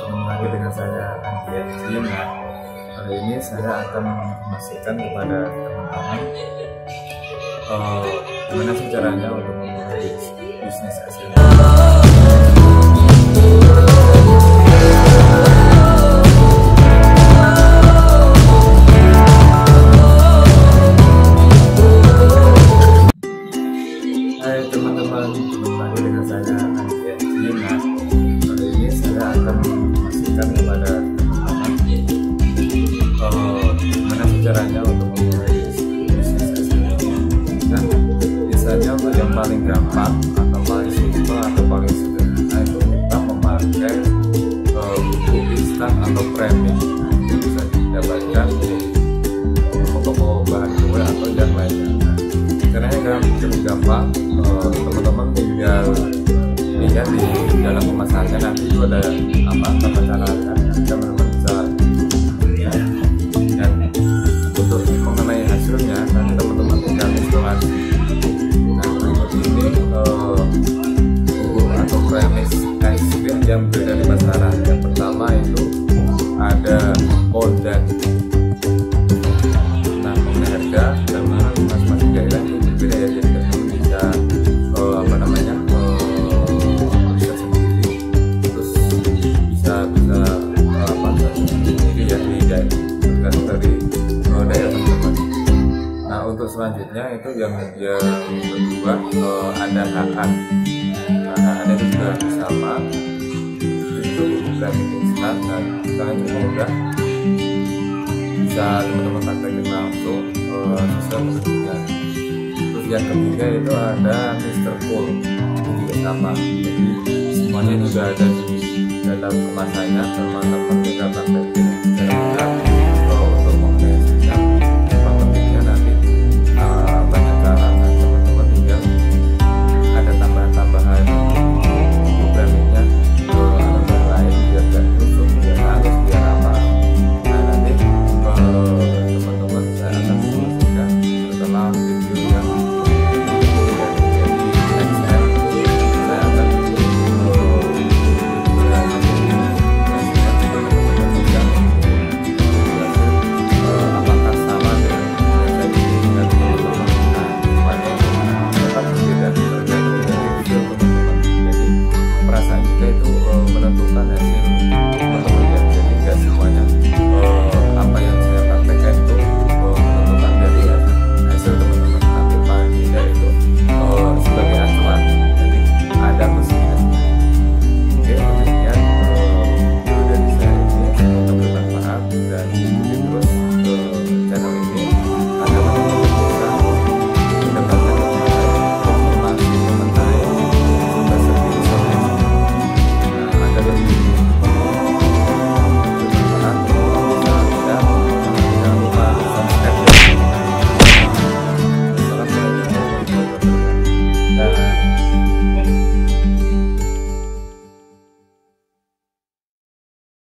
bertemu lagi dengan saya Andrea Cina. Kali ini saya akan menginformasikan kepada teman-teman bagaimana eh, -teman, uh, caranya untuk memulai bisnis Hai teman-teman kembali dengan saya Andrea Cina. paling gampang atau paling simple atau paling sederhana itu kita memakai uh, instan atau premix itu bisa didapatkan di toko bahan kue atau yang lainnya caranya gampang gampang eh, teman teman-teman tinggal lihat di dalam kemasannya nanti itu ada apa tata cara ada Holden nah mengenai harga sama mas-mas gaya ini berbeda ya jadi kita bisa uh, apa namanya uh, sendiri terus bisa bisa uh, apa sendiri ya di daerah dari uh, daerah teman-teman nah untuk selanjutnya itu yang yang kedua uh, ada HH nah, ada itu juga sama itu bukan mudah dan sangat mudah bisa teman-teman praktekin langsung uh, eh, sistem kemudian terus yang ketiga itu ada Mister Cool, itu juga sama jadi semuanya juga ada di dalam kemasannya teman-teman kita praktekin perasaan juga itu uh, menentukan hasil teman-teman jadi nggak semuanya uh, apa yang saya praktekkan itu uh, menentukan dari hasil teman-teman tapi paling tidak itu uh, sebagai acuan jadi ada musiknya oke demikian uh, video dari saya ini semoga bermanfaat dan ikuti terus